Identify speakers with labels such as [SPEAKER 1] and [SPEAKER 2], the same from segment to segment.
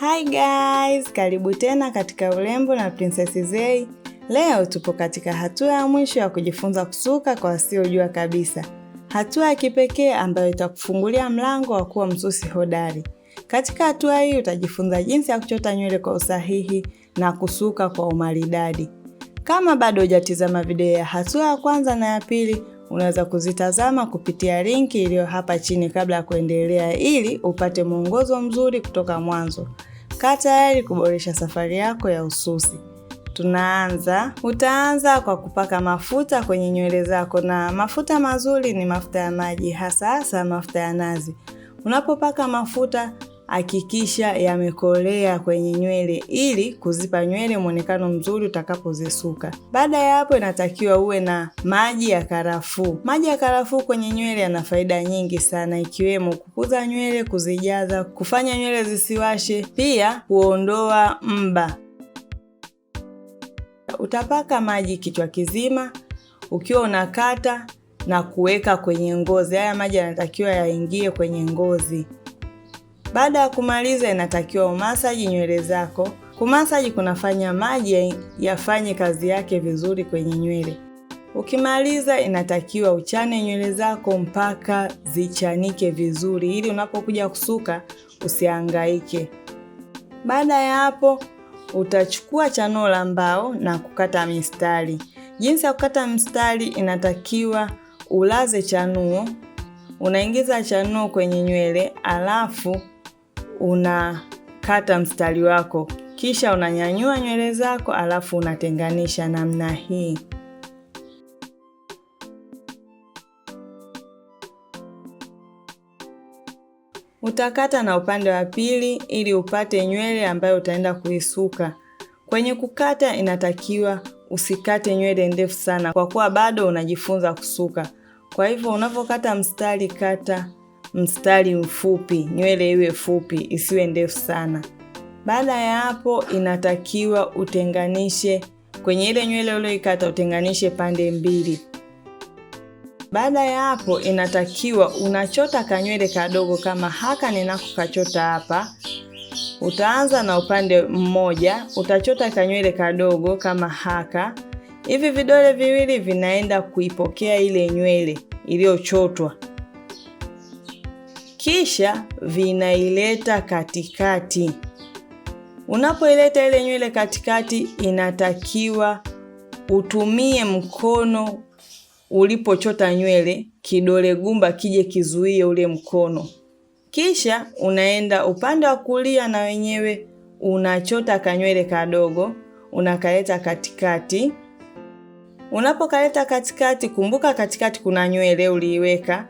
[SPEAKER 1] Hi guys, karibu tena katika Urembo na Princess Zay. Leo tupo katika hatua ya mwisho ya kujifunza kusuka kwa wasiojua kabisa, hatua ya kipekee ambayo itakufungulia mlango wa kuwa msusi hodari. Katika hatua hii utajifunza jinsi ya kuchota nywele kwa usahihi na kusuka kwa umaridadi. Kama bado hujatizama video ya hatua ya kwanza na ya pili, Unaweza kuzitazama kupitia linki iliyo hapa chini kabla ya kuendelea, ili upate mwongozo mzuri kutoka mwanzo. Kaa tayari kuboresha safari yako ya ususi. Tunaanza. Utaanza kwa kupaka mafuta kwenye nywele zako, na mafuta mazuri ni mafuta ya maji, hasa hasa mafuta ya nazi. Unapopaka mafuta hakikisha yamekolea kwenye nywele ili kuzipa nywele mwonekano mzuri utakapozisuka. Baada ya hapo, inatakiwa uwe na maji ya karafuu. Maji ya karafuu kwenye nywele yana faida nyingi sana, ikiwemo kukuza nywele, kuzijaza, kufanya nywele zisiwashe, pia kuondoa mba. Utapaka maji kichwa kizima ukiwa unakata na kuweka kwenye ngozi. Haya maji yanatakiwa yaingie kwenye ngozi. Baada ya kumaliza, inatakiwa umasaji nywele zako. Kumasaji kunafanya maji yafanye kazi yake vizuri kwenye nywele. Ukimaliza, inatakiwa uchane nywele zako mpaka zichanike vizuri, ili unapokuja kusuka usihangaike. Baada ya hapo, utachukua chanuo la mbao na kukata mistari. Jinsi ya kukata mstari, inatakiwa ulaze chanuo, unaingiza chanuo kwenye nywele alafu unakata mstari wako, kisha unanyanyua nywele zako, alafu unatenganisha namna hii. Utakata na upande wa pili ili upate nywele ambayo utaenda kuisuka. Kwenye kukata, inatakiwa usikate nywele ndefu sana, kwa kuwa bado unajifunza kusuka. Kwa hivyo unavyokata mstari, kata mstari mfupi, nywele iwe fupi, isiwe ndefu sana. Baada ya hapo, inatakiwa utenganishe kwenye ile nywele ulioikata, utenganishe pande mbili. Baada ya hapo, inatakiwa unachota kanywele kadogo kama haka ninako kachota hapa. Utaanza na upande mmoja, utachota kanywele kadogo kama haka hivi. Vidole viwili vinaenda kuipokea ile nywele iliyochotwa kisha vinaileta katikati. Unapoileta ile nywele katikati, inatakiwa utumie mkono ulipochota nywele, kidole gumba kije kizuie ule mkono. Kisha unaenda upande wa kulia, na wenyewe unachota kanywele kadogo, unakaleta katikati. Unapokaleta katikati, kumbuka katikati kuna nywele uliiweka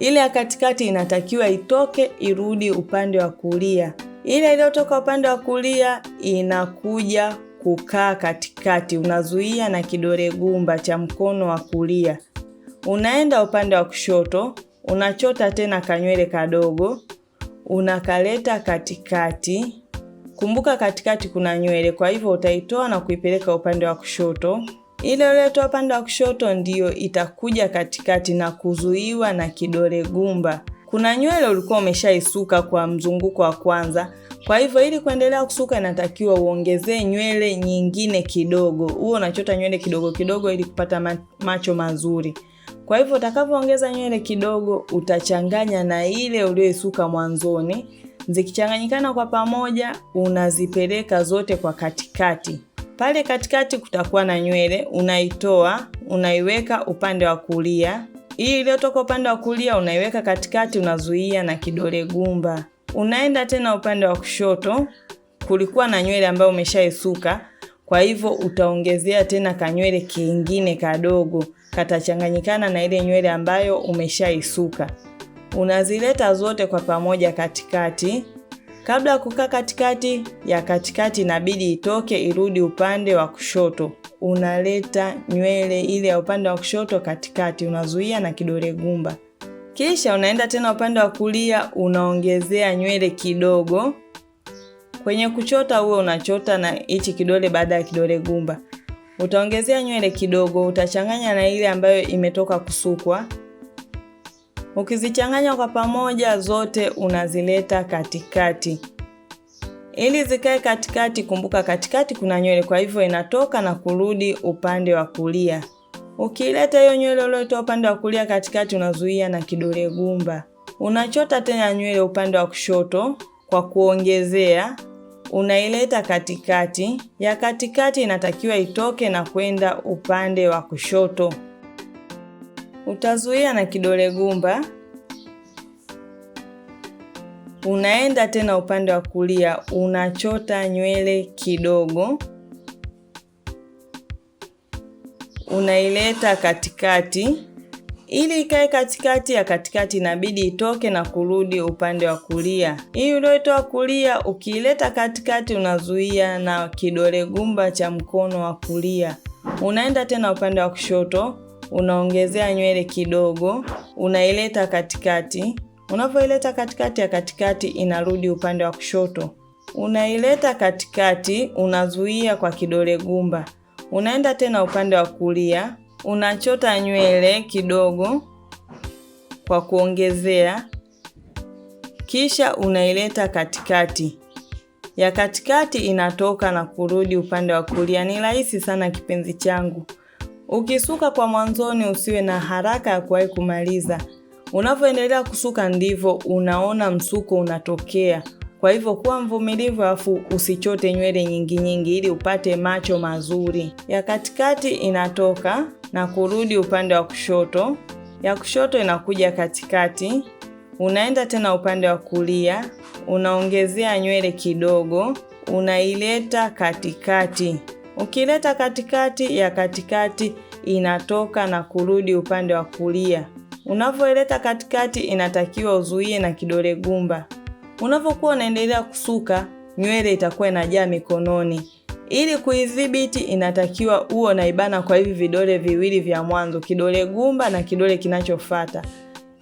[SPEAKER 1] ile ya katikati inatakiwa itoke irudi upande wa kulia. Ile iliyotoka upande wa kulia inakuja kukaa katikati, unazuia na kidole gumba cha mkono wa kulia. Unaenda upande wa kushoto, unachota tena kanywele kadogo, unakaleta katikati. Kumbuka katikati kuna nywele, kwa hivyo utaitoa na kuipeleka upande wa kushoto. Iliyoletwa upande wa kushoto ndiyo itakuja katikati na kuzuiwa na kidole gumba. Kuna nywele ulikuwa umeshaisuka kwa mzunguko wa kwanza, kwa hivyo ili kuendelea kusuka inatakiwa uongezee nywele nyingine kidogo. Huo unachota nywele kidogo kidogo ili kupata macho mazuri. Kwa hivyo utakavyoongeza nywele kidogo, utachanganya na ile ulioisuka mwanzoni. Zikichanganyikana kwa pamoja, unazipeleka zote kwa katikati. Pale katikati kutakuwa na nywele, unaitoa unaiweka upande wa kulia. Hii iliyotoka upande wa kulia unaiweka katikati, unazuia na kidole gumba. Unaenda tena upande wa kushoto, kulikuwa na nywele ambayo umeshaisuka, kwa hivyo utaongezea tena kanywele kingine kadogo, katachanganyikana na ile nywele ambayo umeshaisuka. Unazileta zote kwa pamoja katikati. Kabla ya kukaa katikati ya katikati, inabidi itoke irudi upande wa kushoto. Unaleta nywele ile ya upande wa kushoto katikati, unazuia na kidole gumba, kisha unaenda tena upande wa kulia, unaongezea nywele kidogo. Kwenye kuchota, uwe unachota na hichi kidole baada ya kidole gumba, utaongezea nywele kidogo, utachanganya na ile ambayo imetoka kusukwa Ukizichanganya kwa pamoja zote unazileta katikati ili zikae katikati. Kumbuka katikati kuna nywele, kwa hivyo inatoka na kurudi upande wa kulia. Ukileta hiyo nywele uliotoa upande wa kulia katikati, unazuia na kidole gumba. Unachota tena nywele upande wa kushoto kwa kuongezea, unaileta katikati. Ya katikati inatakiwa itoke na kwenda upande wa kushoto utazuia na kidole gumba, unaenda tena upande wa kulia, unachota nywele kidogo, unaileta katikati. Ili ikae katikati ya katikati, inabidi itoke na kurudi upande wa kulia. Hii ulioitoa kulia, ukiileta katikati, unazuia na kidole gumba cha mkono wa kulia, unaenda tena upande wa kushoto unaongezea nywele kidogo, unaileta katikati. Unapoileta katikati ya katikati, inarudi upande wa kushoto, unaileta katikati, unazuia kwa kidole gumba, unaenda tena upande wa kulia, unachota nywele kidogo kwa kuongezea, kisha unaileta katikati ya katikati, inatoka na kurudi upande wa kulia. Ni rahisi sana, kipenzi changu. Ukisuka kwa mwanzoni, usiwe na haraka ya kuwahi kumaliza. Unavyoendelea kusuka ndivyo unaona msuko unatokea. Kwa hivyo kuwa mvumilivu, alafu usichote nywele nyingi nyingi, ili upate macho mazuri. Ya katikati inatoka na kurudi upande wa kushoto, ya kushoto inakuja katikati, unaenda tena upande wa kulia, unaongezea nywele kidogo, unaileta katikati. Ukileta katikati ya katikati inatoka na kurudi upande wa kulia. Unavyoileta katikati inatakiwa uzuie na kidole gumba. Unavyokuwa unaendelea kusuka, nywele itakuwa inajaa mikononi. Ili kuidhibiti, inatakiwa uo na ibana kwa hivi vidole viwili vya mwanzo, kidole gumba na kidole kinachofuata.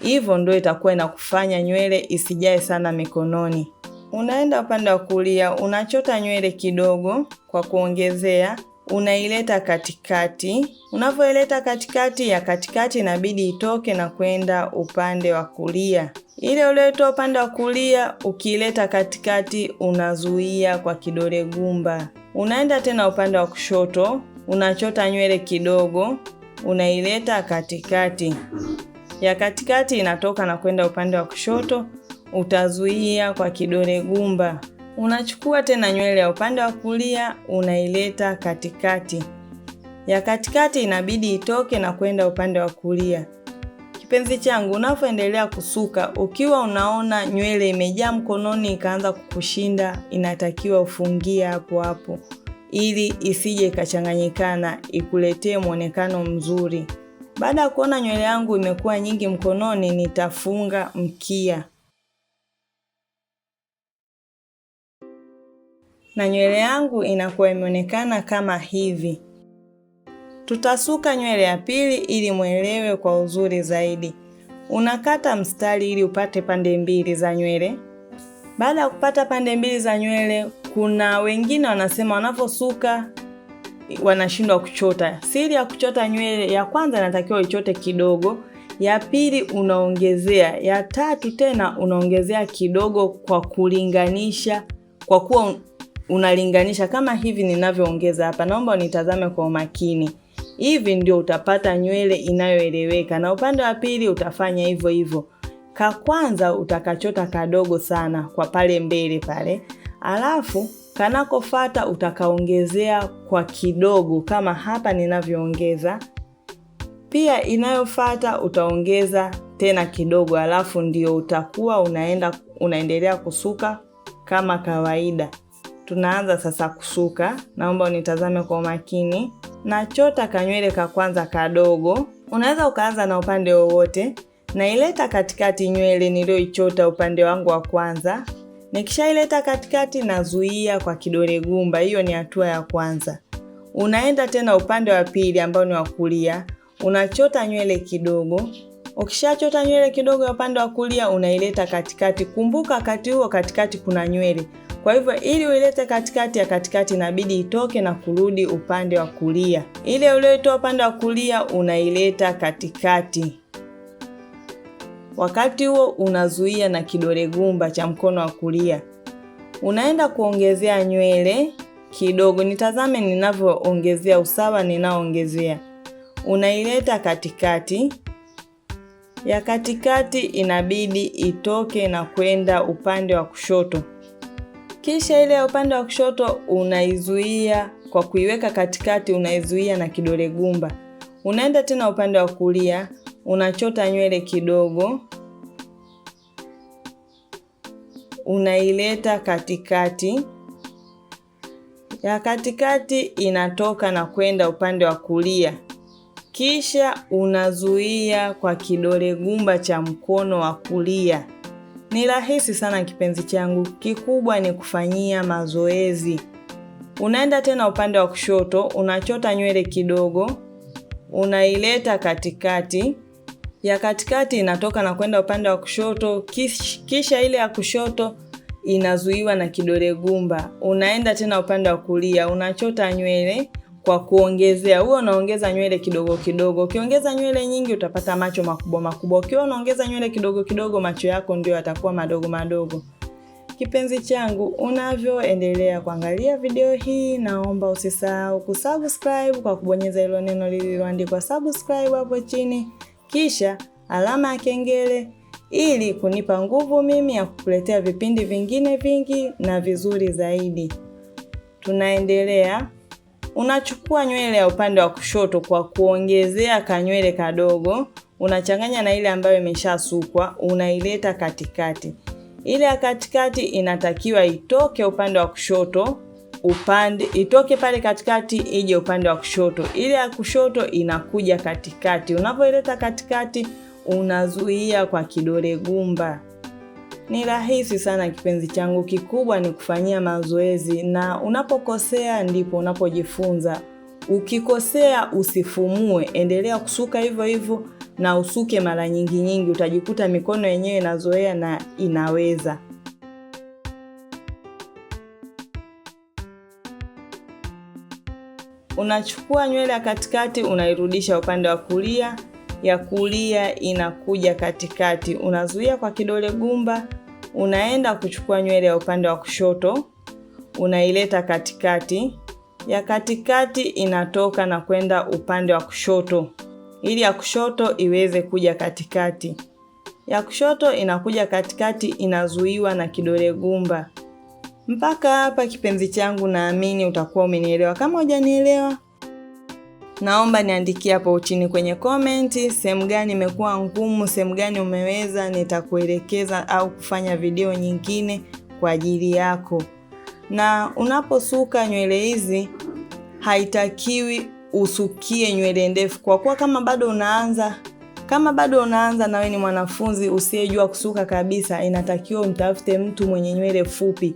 [SPEAKER 1] Hivyo ndio itakuwa inakufanya nywele isijae sana mikononi. Unaenda upande wa kulia, unachota nywele kidogo kwa kuongezea, unaileta katikati. Unavyoileta katikati, ya katikati inabidi itoke na kwenda upande wa kulia. Ile ulioitoa upande wa kulia, ukiileta katikati, unazuia kwa kidole gumba. Unaenda tena upande wa kushoto, unachota nywele kidogo, unaileta katikati ya katikati inatoka na kwenda upande wa kushoto utazuia kwa kidole gumba. Unachukua tena nywele ya upande wa kulia unaileta katikati, ya katikati inabidi itoke na kwenda upande wa kulia. Kipenzi changu, unapoendelea kusuka, ukiwa unaona nywele imejaa mkononi ikaanza kukushinda, inatakiwa ufungie hapo hapo ili isije ikachanganyikana, ikuletee mwonekano mzuri. Baada ya kuona nywele yangu imekuwa nyingi mkononi, nitafunga mkia. na nywele yangu inakuwa imeonekana kama hivi. Tutasuka nywele ya pili ili mwelewe kwa uzuri zaidi. Unakata mstari ili upate pande mbili za nywele. Baada ya kupata pande mbili za nywele, kuna wengine wanasema wanaposuka wanashindwa kuchota. Siri ya kuchota nywele, ya kwanza inatakiwa ichote kidogo, ya pili unaongezea, ya tatu tena unaongezea kidogo, kwa kulinganisha, kwa kuwa unalinganisha kama hivi ninavyoongeza hapa. Naomba unitazame kwa umakini. Hivi ndio utapata nywele inayoeleweka, na upande wa pili utafanya hivyo hivyo. Ka kwanza utakachota kadogo sana kwa pale mbele pale, alafu kanakofata utakaongezea kwa kidogo, kama hapa ninavyoongeza. Pia inayofata utaongeza tena kidogo, alafu ndio utakuwa unaenda unaendelea kusuka kama kawaida. Tunaanza sasa kusuka, naomba unitazame kwa umakini. Nachota kanywele ka kwanza kadogo, unaweza ukaanza na upande wowote. Naileta katikati nywele niliyoichota upande wangu wa kwanza. Nikishaileta katikati, nazuia kwa kidole gumba. Hiyo ni hatua ya kwanza. Unaenda tena upande wa pili ambao ni wa kulia, unachota nywele kidogo. Ukishachota nywele kidogo ya upande wa kulia, unaileta katikati. Kumbuka wakati huo katikati kuna nywele kwa hivyo ili uilete katikati ya katikati, inabidi itoke na kurudi upande wa kulia. Ile ulioitoa upande wa kulia unaileta katikati. Wakati huo unazuia na kidole gumba cha mkono wa kulia. Unaenda kuongezea nywele kidogo, nitazame ninavyoongezea usawa ninaoongezea. Unaileta katikati ya katikati, inabidi itoke na kwenda upande wa kushoto kisha ile ya upande wa kushoto unaizuia kwa kuiweka katikati, unaizuia na kidole gumba. Unaenda tena upande wa kulia, unachota nywele kidogo, unaileta katikati ya katikati, inatoka na kwenda upande wa kulia, kisha unazuia kwa kidole gumba cha mkono wa kulia. Ni rahisi sana kipenzi changu, kikubwa ni kufanyia mazoezi. Unaenda tena upande wa kushoto, unachota nywele kidogo, unaileta katikati ya katikati inatoka na kwenda upande wa kushoto, kisha ile ya kushoto inazuiwa na kidole gumba. Unaenda tena upande wa kulia, unachota nywele kwa kuongezea. Huwe unaongeza nywele kidogo kidogo. Ukiongeza nywele nyingi utapata macho makubwa makubwa. Ukiwa unaongeza nywele kidogo kidogo, macho yako ndio yatakuwa madogo madogo. Kipenzi changu, unavyoendelea kuangalia video hii, naomba usisahau kusubscribe kwa kubonyeza hilo neno lililoandikwa subscribe hapo chini, kisha alama ya kengele ili kunipa nguvu mimi ya kukuletea vipindi vingine vingi na vizuri zaidi. Tunaendelea Unachukua nywele ya upande wa kushoto kwa kuongezea kanywele kadogo, unachanganya na ile ambayo imeshasukwa, unaileta katikati. Ile ya katikati inatakiwa itoke upande wa kushoto upande itoke pale katikati ije upande wa kushoto. Ile ya kushoto inakuja katikati. Unapoileta katikati, unazuia kwa kidole gumba. Ni rahisi sana kipenzi changu, kikubwa ni kufanyia mazoezi, na unapokosea ndipo unapojifunza. Ukikosea usifumue, endelea kusuka hivyo hivyo na usuke mara nyingi nyingi, utajikuta mikono yenyewe inazoea na inaweza. Unachukua nywele ya katikati unairudisha upande wa kulia ya kulia inakuja katikati, unazuia kwa kidole gumba, unaenda kuchukua nywele ya upande wa kushoto unaileta katikati, ya katikati inatoka na kwenda upande wa kushoto ili ya kushoto iweze kuja katikati. Ya kushoto inakuja katikati, inazuiwa na kidole gumba. Mpaka hapa kipenzi changu, naamini utakuwa umenielewa. Kama hujanielewa Naomba niandikie hapo chini kwenye komenti, sehemu gani imekuwa ngumu, sehemu gani umeweza, nitakuelekeza au kufanya video nyingine kwa ajili yako. Na unaposuka nywele hizi, haitakiwi usukie nywele ndefu, kwa kuwa kama bado unaanza kama bado unaanza na wewe ni mwanafunzi usiyejua kusuka kabisa, inatakiwa umtafute mtu mwenye nywele fupi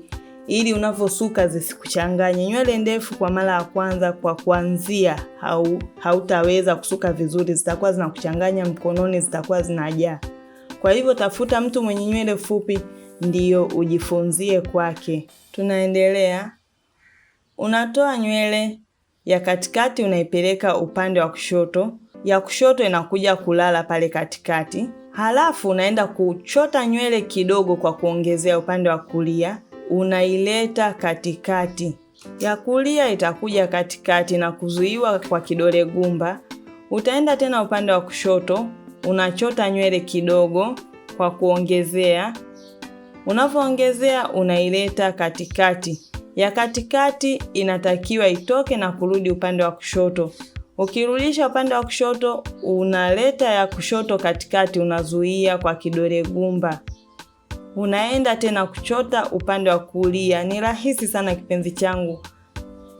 [SPEAKER 1] ili unavyosuka zisikuchanganye. Nywele ndefu kwa mara ya kwanza, kwa kuanzia, hau hautaweza kusuka vizuri, zitakuwa zinakuchanganya mkononi, zitakuwa zinajaa. Kwa hivyo tafuta mtu mwenye nywele fupi ndiyo ujifunzie kwake. Tunaendelea, unatoa nywele ya katikati unaipeleka upande wa kushoto, ya kushoto inakuja kulala pale katikati, halafu unaenda kuchota nywele kidogo kwa kuongezea upande wa kulia unaileta katikati. Ya kulia itakuja katikati na kuzuiwa kwa kidole gumba. Utaenda tena upande wa kushoto, unachota nywele kidogo kwa kuongezea. Unapoongezea unaileta katikati. Ya katikati inatakiwa itoke na kurudi upande wa kushoto. Ukirudisha upande wa kushoto, unaleta ya kushoto katikati, unazuia kwa kidole gumba unaenda tena kuchota upande wa kulia. Ni rahisi sana kipenzi changu.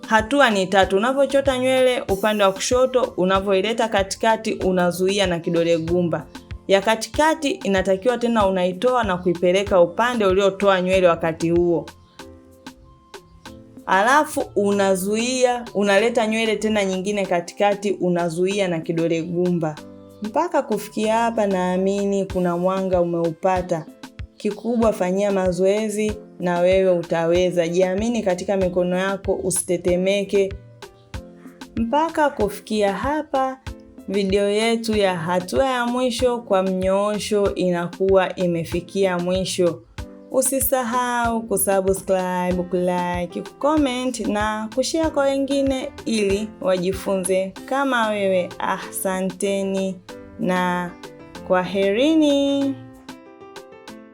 [SPEAKER 1] Hatua ni tatu. Unavyochota nywele upande wa kushoto, unavyoileta katikati, unazuia na kidole gumba. Ya katikati inatakiwa tena unaitoa na kuipeleka upande uliotoa nywele wakati huo, alafu unazuia, unaleta nywele tena nyingine katikati, unazuia na kidole gumba. Mpaka kufikia hapa, naamini kuna mwanga umeupata. Kikubwa fanyia mazoezi na wewe utaweza. Jiamini katika mikono yako, usitetemeke. Mpaka kufikia hapa, video yetu ya hatua ya mwisho kwa mnyoosho inakuwa imefikia mwisho. Usisahau kusubscribe, kulike, kucomment na kushare kwa wengine ili wajifunze kama wewe. Asanteni na kwaherini.